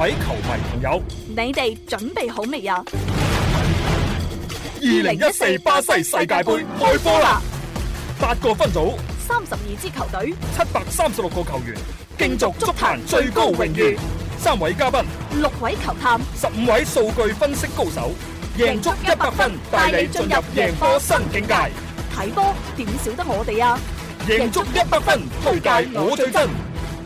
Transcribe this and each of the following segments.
各位球迷朋友，你哋準備好未啊？二零一四巴西世界盃開波啦！八個分組，三十二支球隊，七百三十六個球員，競逐足壇最高榮譽。三位嘉賓，六位球探，十五位數據分析高手，贏足一百分，帶你進入贏波新境界。睇波點少得我哋啊！贏足一百分，推介我最真。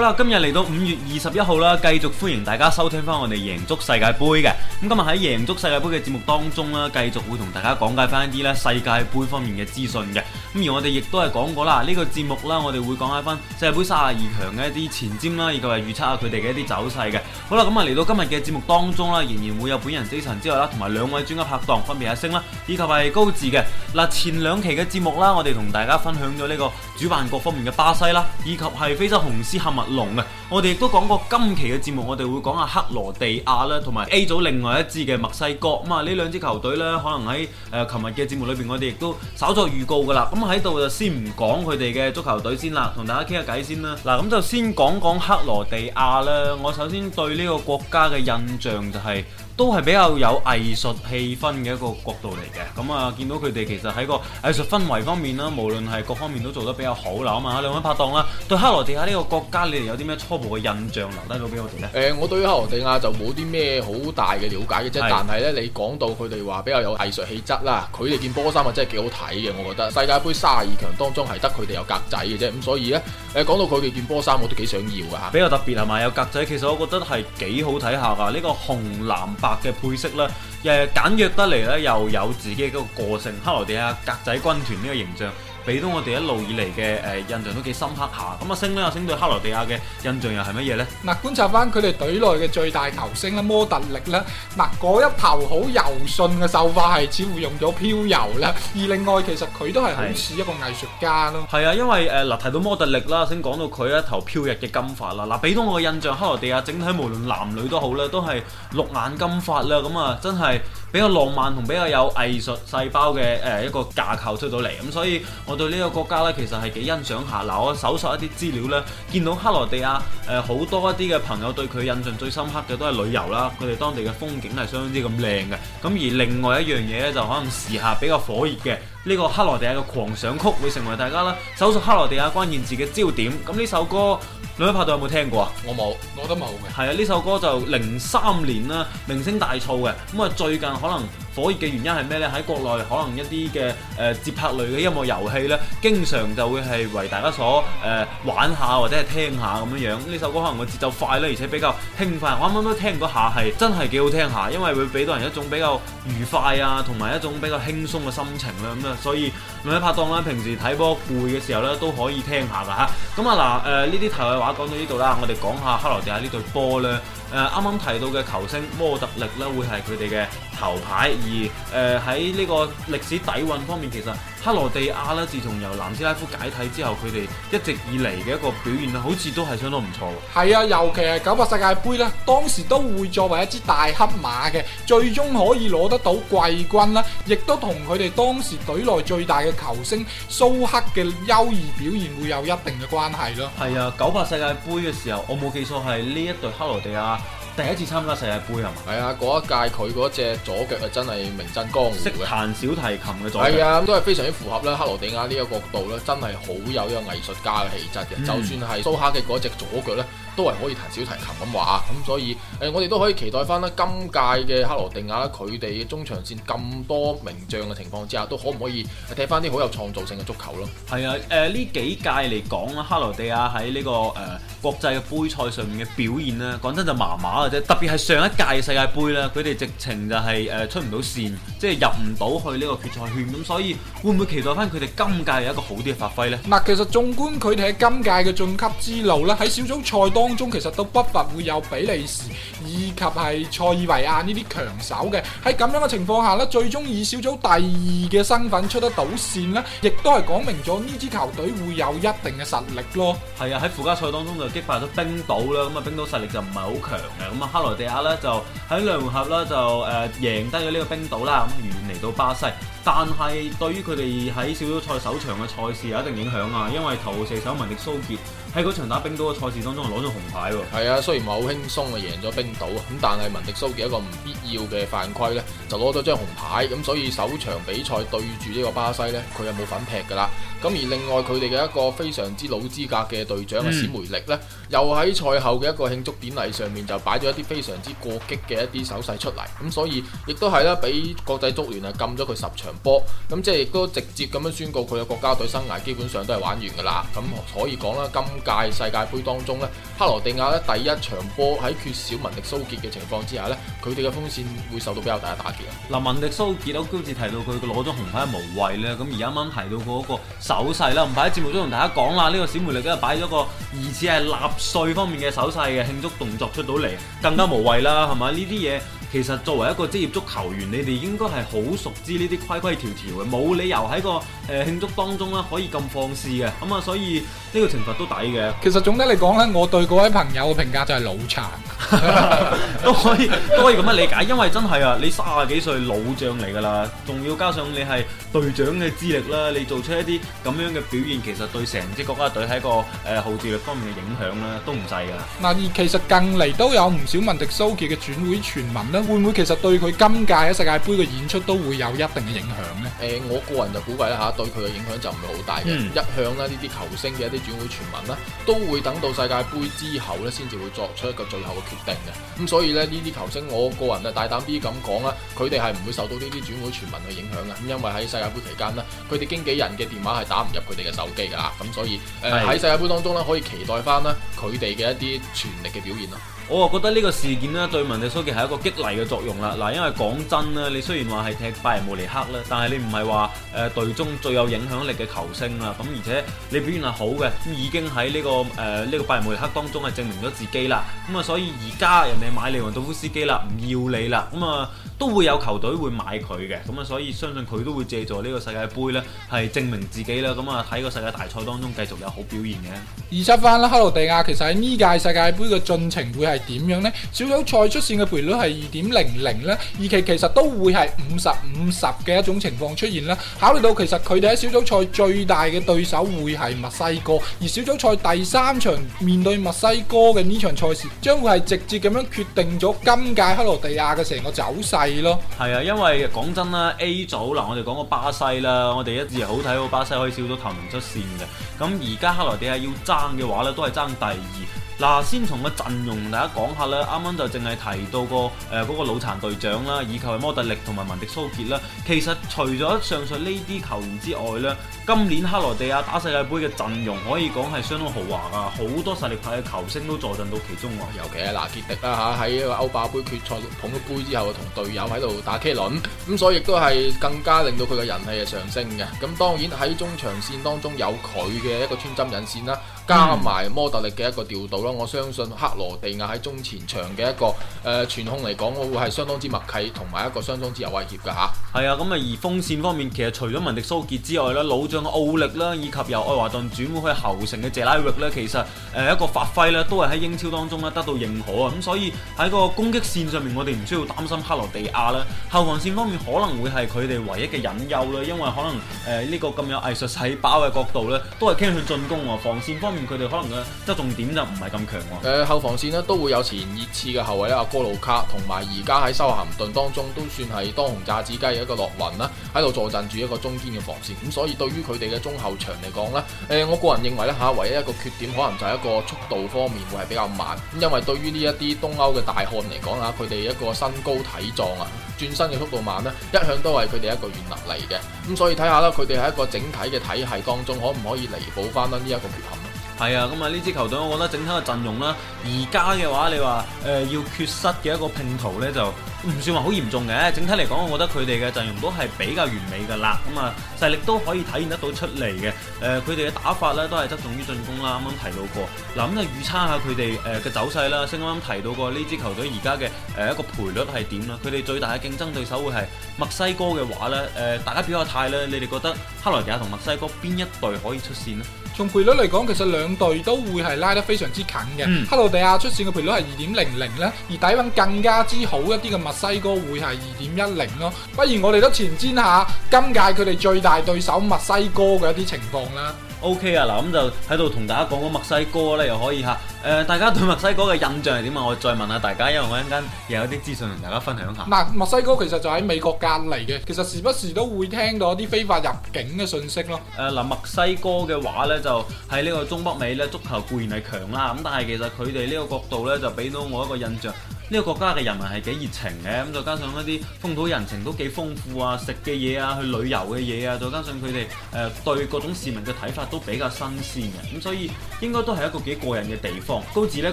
好啦，今日嚟到五月二十一號啦，繼續歡迎大家收聽翻我哋贏足世界盃嘅。咁今日喺贏足世界盃嘅節目當中啦，繼續會同大家講解翻一啲咧世界盃方面嘅資訊嘅。咁而我哋亦都係講過啦，呢個節目啦，我哋會講解翻世界盃卅二強嘅一啲前瞻啦，以及係預測下佢哋嘅一啲走勢嘅。好啦，咁啊嚟到今日嘅節目當中啦，仍然會有本人 Jason 之外啦，同埋兩位專家拍檔分別係星啦，以及係高智嘅。嗱，前兩期嘅節目啦，我哋同大家分享咗呢個主辦國方面嘅巴西啦，以及係非洲雄獅喀麥龍嘅，我哋亦都講過今期嘅節目，我哋會講下克羅地亞啦，同埋 A 組另外一支嘅墨西哥，咁啊呢兩支球隊呢，可能喺誒琴日嘅節目裏邊，我哋亦都稍作預告噶啦。咁喺度就先唔講佢哋嘅足球隊先啦，同大家傾下偈先啦。嗱，咁就先講講克羅地亞啦。我首先對呢個國家嘅印象就係、是。都係比較有藝術氣氛嘅一個角度嚟嘅，咁啊見到佢哋其實喺個藝術氛圍方面啦，無論係各方面都做得比較好啦，啊、嗯、兩位拍檔啦，對克羅地亞呢個國家你哋有啲咩初步嘅印象留低咗俾我哋咧？誒、呃，我對於克羅地亞就冇啲咩好大嘅了解嘅啫，是但係咧你講到佢哋話比較有藝術氣質啦，佢哋件波衫啊真係幾好睇嘅，我覺得世界盃卅二強當中係得佢哋有格仔嘅啫，咁所以咧誒講到佢哋件波衫我都幾想要噶嚇，比較特別係咪有格仔？其實我覺得係幾好睇下噶，呢、這個紅藍白。嘅配色啦，誒簡約得嚟咧，又有自己嘅個個性，克羅地亞格仔軍團呢個形象。俾到我哋一路以嚟嘅誒印象都幾深刻下，咁啊星咧，啊星對克羅地亞嘅印象又係乜嘢咧？嗱，觀察翻佢哋隊內嘅最大球星啦，摩特力啦，嗱嗰一頭好柔順嘅秀髮係似乎用咗飄柔啦，而另外其實佢都係好似一個藝術家咯。係啊，因為誒嗱提到摩特力啦，先講到佢一頭飄逸嘅金髮啦，嗱俾到我嘅印象，克羅地亞整體無論男女都好啦，都係綠眼金髮啦，咁啊真係。比較浪漫同比較有藝術細胞嘅誒一個架構出到嚟，咁所以我對呢個國家呢，其實係幾欣賞下。嗱，我搜索一啲資料呢，見到克羅地亞誒好多一啲嘅朋友對佢印象最深刻嘅都係旅遊啦，佢哋當地嘅風景係相當之咁靚嘅。咁而另外一樣嘢呢，就可能時下比較火熱嘅。呢個克羅地亞嘅狂想曲會成為大家啦搜索克羅地亞關鍵字嘅焦點，咁呢首歌兩位拍檔有冇聽過啊？我冇，我都冇嘅。係啊，呢首歌就零三年啦，名聲大噪嘅，咁啊最近可能。火熱嘅原因係咩呢？喺國內可能一啲嘅誒節拍類嘅音樂遊戲呢，經常就會係為大家所誒、呃、玩下或者係聽下咁樣樣。呢首歌可能個節奏快呢，而且比較輕快。我啱啱都聽嗰下係真係幾好聽下，因為會俾到人一種比較愉快啊，同埋一種比較輕鬆嘅心情啦。咁啊，所以兩位、嗯、拍檔咧，平時睇波攰嘅時候呢，都可以聽下噶嚇。咁啊嗱誒，呢、呃、啲、呃、題外話講到呢度啦，我哋講下克羅地亞呢隊波呢。誒啱啱提到嘅球星摩特力咧，會係佢哋嘅頭牌，而誒喺呢個歷史底蘊方面，其實。克羅地亞啦，自從由南斯拉夫解體之後，佢哋一直以嚟嘅一個表現啊，好似都係相當唔錯。係啊，尤其係九八世界盃啦，當時都會作為一支大黑馬嘅，最終可以攞得到季軍啦，亦都同佢哋當時隊內最大嘅球星蘇克嘅優異表現會有一定嘅關係咯。係啊，九八世界盃嘅時候，我冇記錯係呢一隊克羅地亞。第一次參加世界盃係嘛？係啊，嗰一屆佢嗰隻左腳啊，真係名震江湖嘅。識彈小提琴嘅左腳。係啊，都係非常之符合咧。克羅地亞呢一個角度咧，真係好有呢個藝術家嘅氣質嘅。嗯、就算係蘇哈嘅嗰隻左腳咧，都係可以彈小提琴咁話。咁所以誒，我哋都可以期待翻啦。今屆嘅克羅地亞佢哋嘅中場線咁多名將嘅情況之下，都可唔可以踢翻啲好有創造性嘅足球咯？係啊，誒、呃、呢幾屆嚟講啦，克羅地亞喺呢、呢個誒、呃、國際嘅杯賽上面嘅表現呢，講真就麻麻。特別係上一屆世界盃啦，佢哋直情就係誒出唔到線，即係入唔到去呢個決賽圈咁，所以會唔會期待翻佢哋今屆有一個好啲嘅發揮呢？嗱，其實縱觀佢哋喺今屆嘅晉級之路咧，喺小組賽當中其實都不乏會有比利時以及係塞爾維亞呢啲強手嘅。喺咁樣嘅情況下咧，最終以小組第二嘅身份出得到線啦，亦都係講明咗呢支球隊會有一定嘅實力咯。係啊，喺附加賽當中就擊敗咗冰島啦，咁啊冰島實力就唔係好強嘅。咁啊，克羅地亞咧就喺兩回合呢就、呃、贏得咗呢個冰島啦，咁完嚟到巴西。但係對於佢哋喺小組賽首場嘅賽事有一定影響啊，因為頭號射手文迪蘇傑喺嗰場打冰島嘅賽事當中攞咗紅牌喎。係啊，雖然唔係好輕鬆啊贏咗冰島，咁但係文迪蘇傑一個唔必要嘅犯規呢，就攞咗張紅牌，咁所以首場比賽對住呢個巴西呢，佢又冇份劈㗎啦。咁而另外佢哋嘅一個非常之老資格嘅隊長、嗯、史梅力呢，又喺賽後嘅一個慶祝典禮上面就擺咗一啲非常之過激嘅一啲手勢出嚟，咁所以亦都係啦，俾國際足聯啊禁咗佢十場。波咁即係亦都直接咁樣宣告佢嘅國家隊生涯基本上都係玩完噶啦，咁可以講啦，今屆世界杯當中咧，克羅地亞咧第一場波喺缺少文迪蘇傑嘅情況之下咧，佢哋嘅防線會受到比較大嘅打擊啊！嗱，文迪蘇傑，我剛才提到佢嘅攞咗紅牌無謂咧，咁而家啱提到佢嗰個手勢啦，唔喺節目中同大家講啦，呢個小梅力梗係擺咗個疑似係納稅方面嘅手勢嘅慶祝動作出到嚟，更加無謂啦，係咪？呢啲嘢？其實作為一個職業足球員，你哋應該係好熟知呢啲規規條條嘅，冇理由喺個誒、呃、慶祝當中啦，可以咁放肆嘅。咁、嗯、啊，所以呢個懲罰都抵嘅。其實總體嚟講咧，我對嗰位朋友嘅評價就係腦殘 都，都可以都可以咁樣理解，因為真係啊，你卅幾歲老將嚟噶啦，仲要加上你係隊長嘅資歷啦，你做出一啲咁樣嘅表現，其實對成支國家隊喺個誒號召力方面嘅影響啦，都唔細噶。嗱，而其實近嚟都有唔少文迪蘇傑嘅轉會傳聞咧。會唔會其實對佢今屆喺世界杯嘅演出都會有一定嘅影響呢？誒、嗯呃，我個人就估計啦吓、啊，對佢嘅影響就唔係好大嘅。嗯、一向啦，呢啲球星嘅一啲轉會傳聞啦，都會等到世界杯之後咧，先至會作出一個最後嘅決定嘅。咁、嗯、所以咧，呢啲球星，我個人啊大膽啲咁講啦，佢哋係唔會受到呢啲轉會傳聞嘅影響嘅。咁因為喺世界杯期間呢，佢哋經紀人嘅電話係打唔入佢哋嘅手機噶啦。咁所以誒喺、嗯呃、世界杯當中咧，可以期待翻啦佢哋嘅一啲全力嘅表現咯。我啊覺得呢個事件咧，對文迪蘇傑係一個激勵嘅作用啦。嗱，因為講真咧，你雖然話係踢拜仁慕尼黑啦，但係你唔係話誒隊中最有影響力嘅球星啦。咁而且你表現係好嘅，咁已經喺呢、這個誒呢、呃這個拜仁慕尼黑當中係證明咗自己啦。咁啊，所以而家人哋買列文道夫斯基啦，唔要你啦。咁啊。都會有球隊會買佢嘅，咁啊，所以相信佢都會借助呢個世界盃咧，係證明自己啦。咁啊，喺個世界大賽當中繼續有好表現嘅。二七翻啦，克羅地亞其實喺呢屆世界盃嘅進程會係點樣呢？小組賽出線嘅賠率係二點零零呢，二期其實都會係五十五十嘅一種情況出現啦。考慮到其實佢哋喺小組賽最大嘅對手會係墨西哥，而小組賽第三場面對墨西哥嘅呢場賽事，將會係直接咁樣決定咗今屆克羅地亞嘅成個走勢。係咯，係啊，因為講真啦，A 組嗱，我哋講過巴西啦，我哋一直好睇，個巴西可以少到頭唔出線嘅，咁而家克羅地亞要爭嘅話咧，都係爭第二。嗱，先從個陣容大家講下啦。啱啱就淨係提到個誒嗰個老殘隊長啦，以及係摩德力同埋文迪蘇傑啦。其實除咗上述呢啲球員之外咧，今年克羅地亞打世界盃嘅陣容可以講係相當豪華噶，好多實力派嘅球星都坐鎮到其中喎。尤其係納傑迪啦嚇，喺個歐霸杯決賽捧咗杯之後，同隊友喺度打 K 輪，咁所以亦都係更加令到佢嘅人氣係上升嘅。咁當然喺中場線當中有佢嘅一個穿針引線啦。加埋摩特力嘅一個調度啦。我相信克羅地亞喺中前場嘅一個誒傳、呃、控嚟講，我會係相當之默契同埋一個相當之有威脅嘅吓，係啊，咁啊而鋒線方面，其實除咗文迪蘇傑之外咧，老將奧力啦，以及由愛華頓轉會去侯城嘅謝拉域咧，其實誒一個發揮咧，都係喺英超當中咧得到認可啊。咁所以喺個攻擊線上面，我哋唔需要擔心克羅地亞啦。後防線方面可能會係佢哋唯一嘅隱憂啦，因為可能誒呢個咁有藝術細胞嘅角度咧，都係傾向進攻啊。防線方面。佢哋可能嘅側重點就唔係咁強喎、啊。誒、呃、後防線呢都會有前熱刺嘅後衞呢阿哥魯卡，同埋而家喺修咸頓當中都算係當紅炸子雞嘅一個落雲啦，喺度坐陣住一個中堅嘅防線。咁、嗯、所以對於佢哋嘅中後場嚟講呢，誒、呃、我個人認為呢，嚇唯一一個缺點可能就係一個速度方面會係比較慢。咁因為對於呢一啲東歐嘅大漢嚟講嚇，佢哋一個身高體壯啊，轉身嘅速度慢呢，一向都係佢哋一個軟肋嚟嘅。咁、嗯、所以睇下啦，佢哋喺一個整體嘅體系當中可唔可以彌補翻呢一、這個缺憾？係啊，咁啊呢支球隊，我覺得整體嘅陣容啦，而家嘅話，你話誒、呃、要缺失嘅一個拼圖咧就。唔算話好嚴重嘅，整體嚟講，我覺得佢哋嘅陣容都係比較完美噶啦，咁啊實力都可以體現得到出嚟嘅。誒、呃，佢哋嘅打法呢，都係側重於進攻啦，啱啱提到過。嗱、呃，咁就預測下佢哋誒嘅走勢啦。先啱啱提到過呢支球隊而家嘅誒一個賠率係點啦。佢哋最大嘅競爭對手會係墨西哥嘅話呢？誒、呃、大家表下態呢，你哋覺得克羅地亞同墨西哥邊一隊可以出線呢？從賠率嚟講，其實兩隊都會係拉得非常之近嘅。克羅地亞出線嘅賠率係二點零零呢，而底蘊更加之好一啲嘅。墨西哥會係二點一零咯，不如我哋都前瞻下今屆佢哋最大對手墨西哥嘅一啲情況啦。OK 啊，嗱咁就喺度同大家講講墨西哥咧，又可以吓，誒，大家對墨西哥嘅印象係點啊？我再問下大家，因為我一陣間又有啲資訊同大家分享下。嗱，墨西哥其實就喺美國隔籬嘅，其實時不時都會聽到一啲非法入境嘅信息咯。誒，嗱，墨西哥嘅話咧就喺呢個中北美咧，足球固然係強啦，咁但係其實佢哋呢個角度咧就俾到我一個印象。呢個國家嘅人民係幾熱情嘅，咁再加上一啲風土人情都幾豐富啊，食嘅嘢啊，去旅遊嘅嘢啊，再加上佢哋誒對各種市民嘅睇法都比較新鮮嘅，咁所以應該都係一個幾過癮嘅地方。高志呢，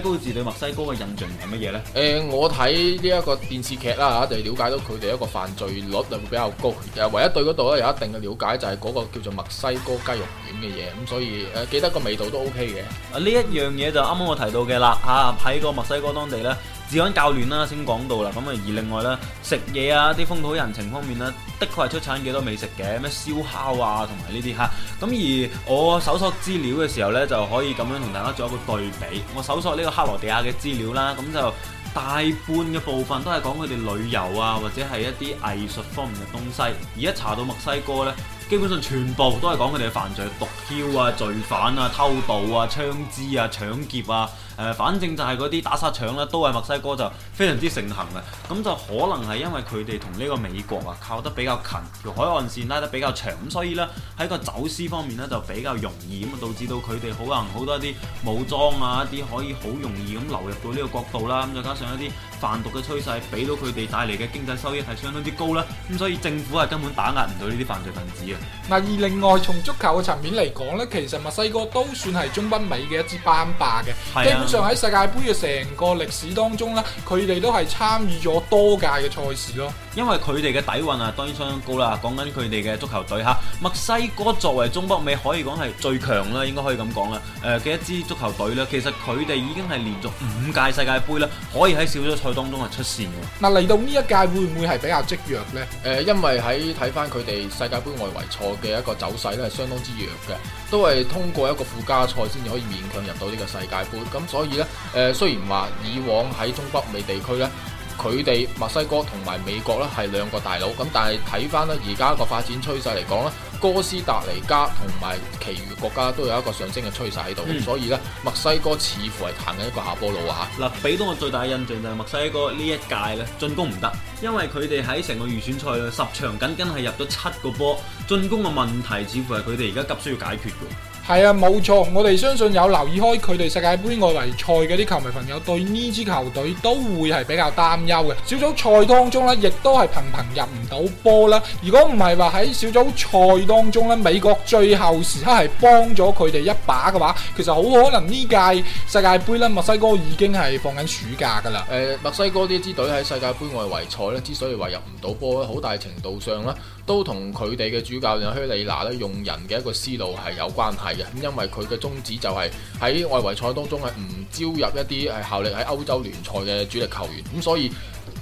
高志對墨西哥嘅印象係乜嘢呢？誒、呃，我睇呢一個電視劇啦嚇，就了解到佢哋一個犯罪率係會比較高，唯一對嗰度咧有一定嘅了解就係嗰個叫做墨西哥雞肉卷嘅嘢，咁所以誒、呃、記得個味道都 OK 嘅。啊，呢一樣嘢就啱啱我提到嘅啦嚇，喺個墨西哥當地呢。治安較亂啦，先講到啦。咁啊，而另外啦，食嘢啊，啲風土人情方面咧，的確係出產幾多美食嘅，咩燒烤啊，同埋呢啲嚇。咁而我搜索資料嘅時候呢，就可以咁樣同大家做一個對比。我搜索呢個克羅地亞嘅資料啦，咁就大半嘅部分都係講佢哋旅遊啊，或者係一啲藝術方面嘅東西。而一查到墨西哥呢，基本上全部都係講佢哋嘅犯罪、毒梟啊、罪犯啊、偷盜啊、槍支啊、搶劫啊。誒，反正就係嗰啲打殺搶啦，都係墨西哥就非常之盛行嘅。咁就可能係因為佢哋同呢個美國啊靠得比較近，條海岸線拉得比較長，所以咧喺個走私方面咧就比較容易，咁導致到佢哋可能好多啲武裝啊一啲可以好容易咁流入到呢個國度啦。咁再加上一啲販毒嘅趨勢，俾到佢哋帶嚟嘅經濟收益係相當之高啦。咁所以政府係根本打壓唔到呢啲犯罪分子啊。嗱，而另外從足球嘅層面嚟講呢，其實墨西哥都算係中北美嘅一支班霸嘅。係啊。上喺世界盃嘅成個歷史當中咧，佢哋都係參與咗多屆嘅賽事咯。因為佢哋嘅底蘊啊，當然相當高啦。講緊佢哋嘅足球隊吓，墨西哥作為中北美可以講係最強啦，應該可以咁講啦。誒、呃、嘅一支足球隊咧，其實佢哋已經係連續五屆世界盃咧，可以喺小組賽當中係出線嘅。嗱，嚟到呢一屆會唔會係比較積弱呢？誒、呃，因為喺睇翻佢哋世界盃外圍賽嘅一個走勢咧，係相當之弱嘅。都係通過一個附加賽先至可以勉強入到呢個世界盃，咁所以呢，誒、呃、雖然話以往喺中北美地區呢，佢哋墨西哥同埋美國呢係兩個大佬，咁但係睇翻呢而家個發展趨勢嚟講呢。哥斯達黎加同埋其餘國家都有一個上升嘅趨勢喺度，所以咧，墨西哥似乎係行緊一個下坡路啊吓！嗱，俾到我最大嘅印象就係墨西哥這一屆呢一屆咧，進攻唔得，因為佢哋喺成個預選賽嘅十場僅僅係入咗七個波，進攻嘅問題似乎係佢哋而家急需要解決嘅。係啊，冇錯，我哋相信有留意開佢哋世界杯外圍賽嘅啲球迷朋友，對呢支球隊都會係比較擔憂嘅。小組賽當中呢，亦都係頻頻入唔到波啦。如果唔係話喺小組賽當中呢，美國最後時刻係幫咗佢哋一把嘅話，其實好可能呢屆世界杯呢，墨西哥已經係放緊暑假噶啦。誒，墨西哥呢支隊喺世界杯外圍賽呢，之所以話入唔到波咧，好大程度上咧，都同佢哋嘅主教練希里拿咧用人嘅一個思路係有關係嘅，咁因為佢嘅宗旨就係喺外圍賽當中係唔招入一啲係效力喺歐洲聯賽嘅主力球員，咁所以。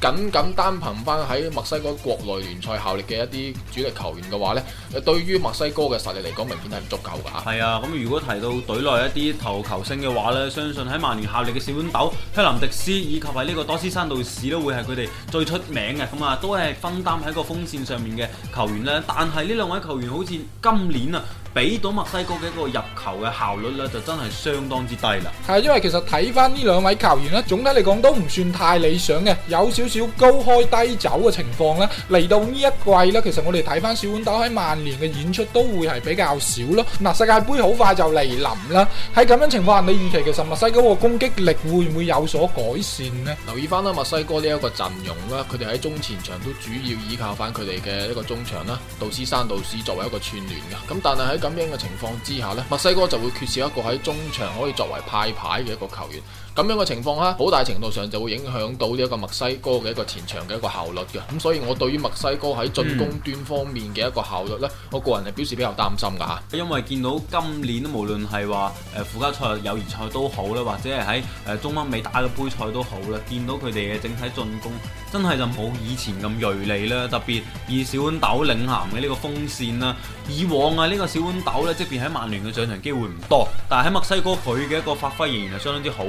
僅僅單憑翻喺墨西哥國內聯賽效力嘅一啲主力球員嘅話呢，對於墨西哥嘅實力嚟講，明顯係唔足夠㗎。係啊，咁如果提到隊內一啲投球星嘅話呢，相信喺曼聯效力嘅小豌豆克林迪斯以及喺呢個多斯山度士都會係佢哋最出名嘅，咁啊都係分擔喺個鋒線上面嘅球員呢。但係呢兩位球員好似今年啊，俾到墨西哥嘅一個入球嘅效率呢，就真係相當之低啦。係因為其實睇翻呢兩位球員呢，總體嚟講都唔算太理想嘅，有少少高開低走嘅情況咧，嚟到呢一季呢，其實我哋睇翻小豌豆喺曼聯嘅演出都會係比較少咯。嗱，世界杯好快就嚟臨啦，喺咁樣嘅情況下，你預期其實墨西哥嘅攻擊力會唔會有所改善呢？留意翻啦，墨西哥呢一個陣容啦，佢哋喺中前場都主要依靠翻佢哋嘅一個中場啦，導斯山導師作為一個串聯嘅，咁但係喺咁樣嘅情況之下呢，墨西哥就會缺少一個喺中場可以作為派牌嘅一個球員。咁樣嘅情況哈，好大程度上就會影響到呢一個墨西哥嘅一個前場嘅一個效率嘅，咁所以我對於墨西哥喺進攻端方面嘅一個效率呢，我個人係表示比較擔心噶嚇。因為見到今年都無論係話附加賽、友誼賽都好啦，或者係喺、呃、中北美打嘅杯賽都好啦，見到佢哋嘅整體進攻真係就冇以前咁鋭利啦，特別以小豌豆領銜嘅呢個鋒線啦，以往啊呢、這個小豌豆呢，即便喺曼聯嘅上場機會唔多，但係喺墨西哥佢嘅一個發揮仍然係相當之好。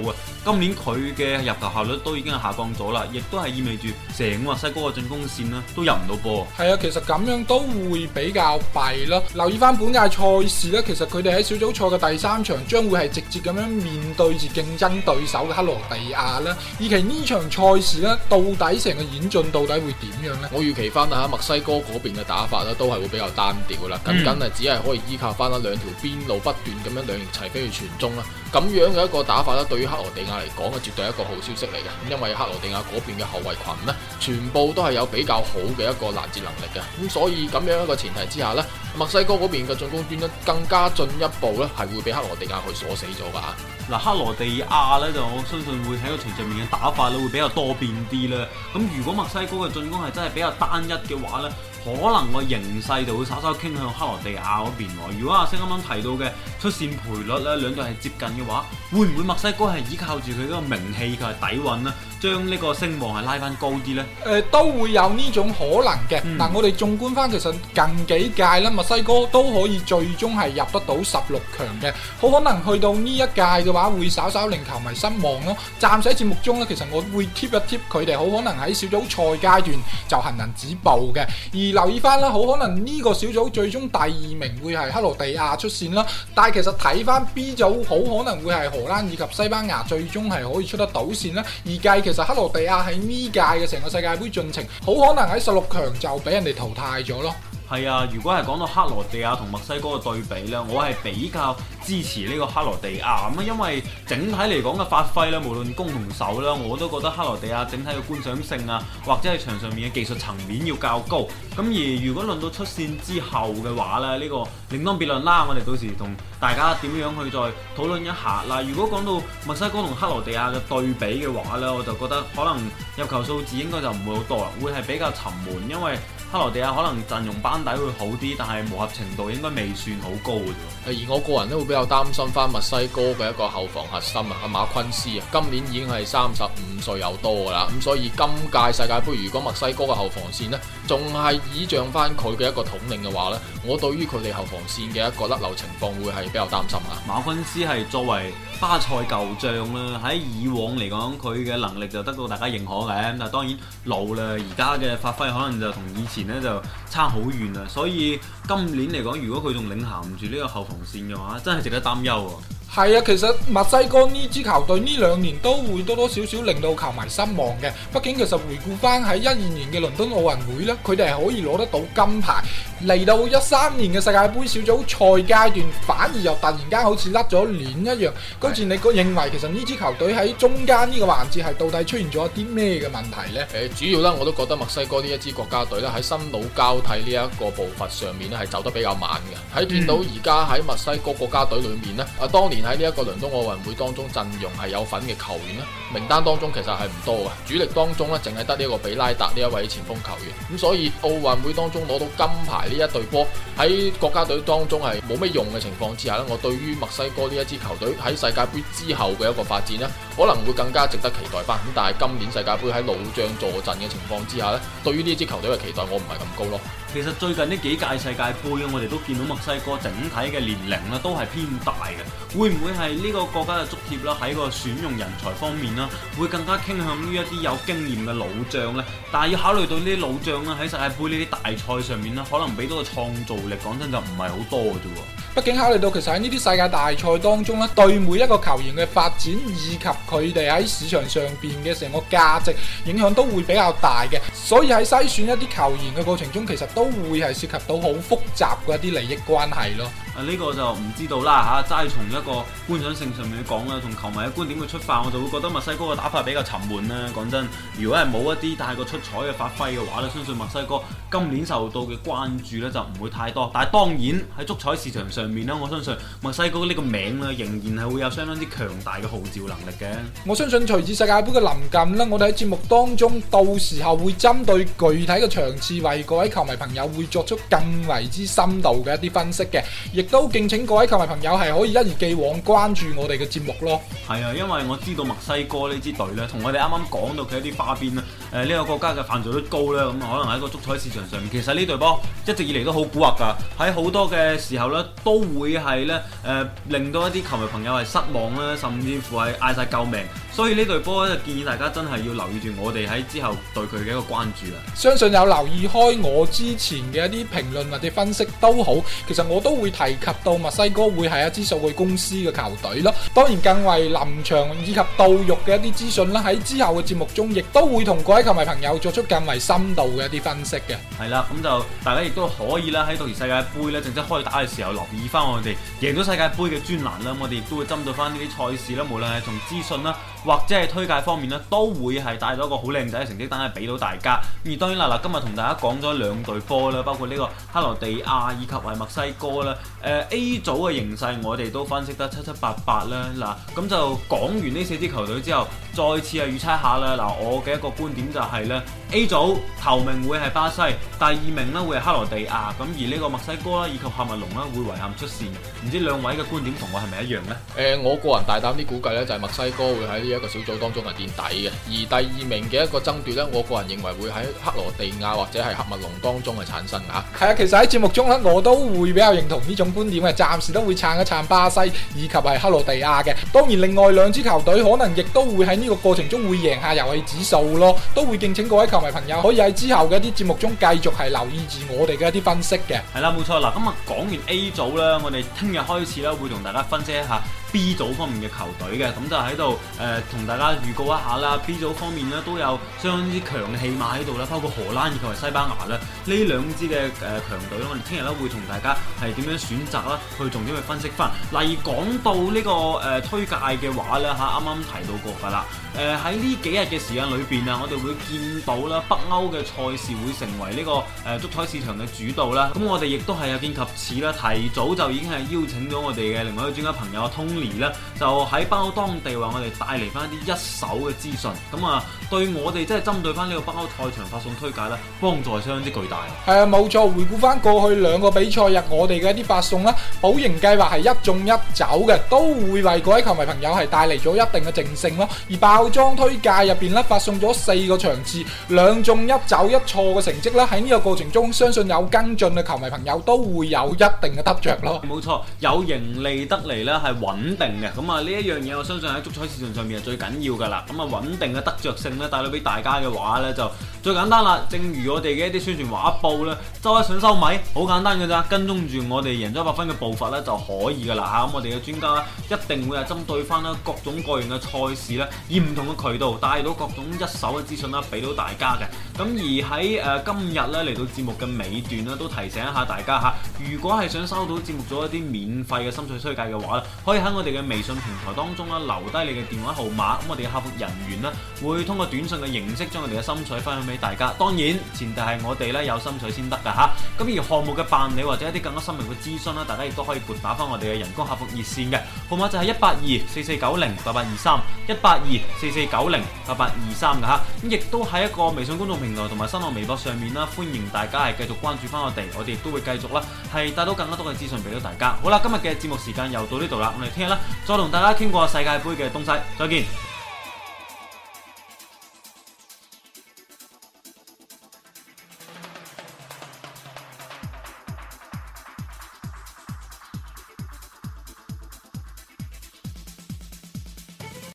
今年佢嘅入球效率都已經係下降咗啦，亦都係意味住成個墨西哥嘅進攻線咧都入唔到波。係啊，其實咁樣都會比較弊咯。留意翻本屆賽事咧，其實佢哋喺小組賽嘅第三場將會係直接咁樣面對住競爭對手嘅克羅地亞咧。預期呢場賽事咧，到底成個演進到底會點樣呢？我預期翻啦吓，墨西哥嗰邊嘅打法咧都係會比較單調啦，僅僅係只係可以依靠翻啦兩條邊路不斷咁樣兩翼齊飛去傳中啦，咁樣嘅一個打法咧，對於克羅地嚟講啊，絕對係一個好消息嚟嘅，因為克羅地亞嗰邊嘅後衛群呢，全部都係有比較好嘅一個攔截能力嘅，咁所以咁樣一個前提之下呢，墨西哥嗰邊嘅進攻端咧，更加進一步咧，係會俾克羅地亞去鎖死咗噶吓。嗱，克羅地亞呢，就我相信會喺個場上面嘅打法咧會比較多變啲啦。咁如果墨西哥嘅進攻係真係比較單一嘅話呢。可能個形勢就會稍稍傾向克羅地亞嗰邊喎。如果阿星啱啱提到嘅出線賠率咧，兩隊係接近嘅話，會唔會墨西哥係依靠住佢嗰個名氣嘅底蘊呢？將呢個聲望係拉翻高啲呢？誒，都會有呢種可能嘅。嗯、但我哋縱觀翻其實近幾屆咧，墨西哥都可以最終係入得到十六強嘅。好可能去到呢一屆嘅話，會稍稍令球迷失望咯。暫時喺節目中咧，其實我會 keep 一 keep 佢哋，好可能喺小組賽階段就行人止步嘅，而留意翻啦，好可能呢個小組最終第二名會係克羅地亞出線啦，但係其實睇翻 B 組，好可能會係荷蘭以及西班牙最終係可以出得到線啦。而計，其實克羅地亞喺呢屆嘅成個世界盃進程，好可能喺十六強就俾人哋淘汰咗咯。係啊，如果係講到克羅地亞同墨西哥嘅對比呢，我係比較支持呢個克羅地亞咁啊，因為整體嚟講嘅發揮呢，無論攻同守呢，我都覺得克羅地亞整體嘅觀賞性啊，或者係場上面嘅技術層面要較高。咁而如果論到出線之後嘅話呢，呢個另當別論啦，我哋到時同大家點樣去再討論一下嗱，如果講到墨西哥同克羅地亞嘅對比嘅話呢，我就覺得可能入球數字應該就唔會好多啦，會係比較沉悶，因為，克羅地亞可能陣容班底會好啲，但係磨合程度應該未算好高嘅而，而我個人咧會比較擔心翻墨西哥嘅一個後防核心啊，馬昆斯啊，今年已經係三十五歲有多噶啦，咁所以今屆世界盃如果墨西哥嘅後防線呢仲係倚仗翻佢嘅一個統領嘅話呢，我對於佢哋後防線嘅一個甩漏情況會係比較擔心啊！馬昆斯係作為巴塞舊將啦，喺以往嚟講佢嘅能力就得到大家認可嘅，但係當然老啦，而家嘅發揮可能就同以前呢就差好遠啦，所以今年嚟講，如果佢仲領行唔住呢個後防線嘅話，真係值得擔憂喎！係啊，其實墨西哥呢支球隊呢兩年都會多多少少令到球迷失望嘅。畢竟其實回顧翻喺一二年嘅倫敦奧運會咧，佢哋係可以攞得到金牌。嚟到一三年嘅世界杯小組賽階段，反而又突然間好似甩咗鏈一樣。跟住，是你認為，其實呢支球隊喺中間呢個環節係到底出現咗啲咩嘅問題呢？誒、呃，主要啦，我都覺得墨西哥呢一支國家隊咧喺新老交替呢一個步伐上面咧係走得比較慢嘅。喺見到而家喺墨西哥國家隊裏面呢。嗯、啊當年。喺呢一個倫敦奧運會當中，陣容係有份嘅球員呢，名單當中其實係唔多嘅，主力當中呢淨係得呢一個比拉達呢一位前鋒球員。咁所以奧運會當中攞到金牌呢一隊波喺國家隊當中係冇咩用嘅情況之下呢，我對於墨西哥呢一支球隊喺世界盃之後嘅一個發展呢。可能會更加值得期待吧，咁但係今年世界盃喺老將坐陣嘅情況之下，對於呢支球隊嘅期待我唔係咁高咯。其實最近呢幾屆世界盃，我哋都見到墨西哥整體嘅年齡都係偏大嘅，會唔會係呢個國家嘅足協啦喺個選用人才方面啦，會更加傾向於一啲有經驗嘅老將呢？但係要考慮到呢啲老將啦喺世界盃呢啲大賽上面啦，可能俾到嘅創造力講真就唔係好多啫喎。畢竟考慮到其實喺呢啲世界大賽當中咧，對每一個球員嘅發展以及佢哋喺市場上邊嘅成個價值影響都會比較大嘅，所以喺篩選一啲球員嘅過程中，其實都會係涉及到好複雜嘅一啲利益關係咯。啊，呢個就唔知道啦嚇，齋、啊、從一個觀賞性上面去講啦，從球迷嘅觀點去出發，我就會覺得墨西哥嘅打法比較沉悶啦。講真，如果係冇一啲太過出彩嘅發揮嘅話咧，相信墨西哥今年受到嘅關注咧就唔會太多。但係當然喺足彩市場上面我相信墨西哥呢個名啦，仍然係會有相當之強大嘅號召能力嘅。我相信隨住世界盃嘅臨近呢，我哋喺節目當中，到時候會針對具體嘅場次，為各位球迷朋友會作出更為之深度嘅一啲分析嘅。亦都敬請各位球迷朋友係可以一如既往關注我哋嘅節目咯。係啊，因為我知道墨西哥呢支隊咧，同我哋啱啱講到佢一啲花邊啦。誒、呃，呢、這個國家嘅犯罪率高啦。咁、嗯、可能喺個足彩市場上面，其實呢隊波一直以嚟都好蠱惑噶，喺好多嘅時候咧都。都會係咧，誒、呃，令到一啲球迷朋友係失望啦，甚至乎係嗌晒救命。所以呢隊波咧，就建議大家真係要留意住我哋喺之後對佢嘅一個關注啦。相信有留意開我之前嘅一啲評論或者分析都好，其實我都會提及到墨西哥會係一支數據公司嘅球隊咯。當然更為臨場以及到肉嘅一啲資訊啦，喺之後嘅節目中亦都會同各位球迷朋友作出更為深度嘅一啲分析嘅。係啦，咁就大家亦都可以啦，喺到時世界盃咧正式開打嘅時候留以翻我哋贏足世界盃嘅專欄啦，我哋亦都會針對翻呢啲賽事啦，無論係從資訊啦，或者係推介方面咧，都會係帶到一個好靚仔嘅成績單去俾到大家。而當然啦，嗱，今日同大家講咗兩隊波啦，包括呢個克羅地亞以及係墨西哥啦。誒、呃、A 組嘅形勢，我哋都分析得七七八八啦。嗱、啊，咁就講完呢四支球隊之後，再次係預測下啦。嗱、啊，我嘅一個觀點就係、是、咧，A 組頭名會係巴西，第二名咧會係克羅地亞。咁而呢個墨西哥啦以及喀麥隆啦會遺憾出線。唔知兩位嘅觀點同我係咪一樣呢？誒、呃，我個人大膽啲估計呢，就係墨西哥會喺一個小組當中係墊底嘅，而第二名嘅一個爭奪呢，我個人認為會喺克羅地亞或者係喀麥隆當中係產生吓。係啊，其實喺節目中呢，我都會比較認同呢種觀點嘅，暫時都會撐一撐巴西以及係克羅地亞嘅。當然，另外兩支球隊可能亦都會喺呢個過程中會贏下遊戲指數咯，都會敬請各位球迷朋友可以喺之後嘅一啲節目中繼續係留意住我哋嘅一啲分析嘅。係啦，冇錯啦，咁啊講完 A 組啦，我哋聽日開始啦，會同大家分析一下。B 組方面嘅球隊嘅，咁就喺度誒同大家預告一下啦。B 組方面咧都有相當之強嘅氣馬喺度啦，包括荷蘭以及西班牙啦。呢兩支嘅誒、呃、強隊我哋聽日咧會同大家係點樣選擇啦，去重點去分析翻。例如講到呢、這個誒、呃、推介嘅話呢，嚇、啊，啱啱提到過噶啦。誒喺呢幾日嘅時間裏邊啊，我哋會見到啦北歐嘅賽事會成為呢、這個誒足、呃、彩市場嘅主導啦。咁我哋亦都係有見及此啦，提早就已經係邀請咗我哋嘅另外一個專家朋友通。咧就喺北歐當地為我哋帶嚟翻一啲一手嘅資訊，咁啊對我哋即係針對翻呢個北歐賽場發送推介啦，幫助相當之巨大。係啊，冇錯。回顧翻過去兩個比賽日，我哋嘅一啲發送啦，保贏計劃係一中一走嘅，都會為各位球迷朋友係帶嚟咗一定嘅淨勝咯。而爆莊推介入邊咧，發送咗四個場次，兩中一走一錯嘅成績啦。喺呢個過程中，相信有跟進嘅球迷朋友都會有一定嘅得着咯。冇錯，有盈利得嚟咧係穩。穩定嘅，咁啊呢一樣嘢，我相信喺足彩市場上面係最緊要噶啦。咁啊穩定嘅得着性咧，帶到俾大家嘅話咧，就最簡單啦。正如我哋嘅一啲宣傳畫報咧，周一想收米，好簡單噶咋，跟蹤住我哋贏咗百分嘅步伐咧就可以噶啦。吓，咁我哋嘅專家咧一定會係針對翻啦各種各樣嘅賽事咧，以唔同嘅渠道帶到各種一手嘅資訊啦，俾到大家嘅。咁而喺誒今日咧嚟到節目嘅尾段咧，都提醒一下大家吓，如果係想收到節目組一啲免費嘅心水推介嘅話咧，可以喺我哋嘅微信平台當中啦，留低你嘅電話號碼，咁我哋嘅客服人員呢，會通過短信嘅形式將我哋嘅心水分享俾大家。當然前提係我哋咧有心水先得噶吓。咁而項目嘅辦理或者一啲更加深入嘅諮詢啦，大家亦都可以撥打翻我哋嘅人工客服熱線嘅號碼，就係一八二四四九零八八二三一八二四四九零八八二三噶吓。咁亦都喺一個微信公眾平台同埋新浪微博上面啦，歡迎大家係繼續關注翻我哋，我哋亦都會繼續啦係帶到更加多嘅資訊俾到大家。好啦，今日嘅節目時間又到呢度啦，我哋聽。再同大家傾過世界杯嘅東西，再見。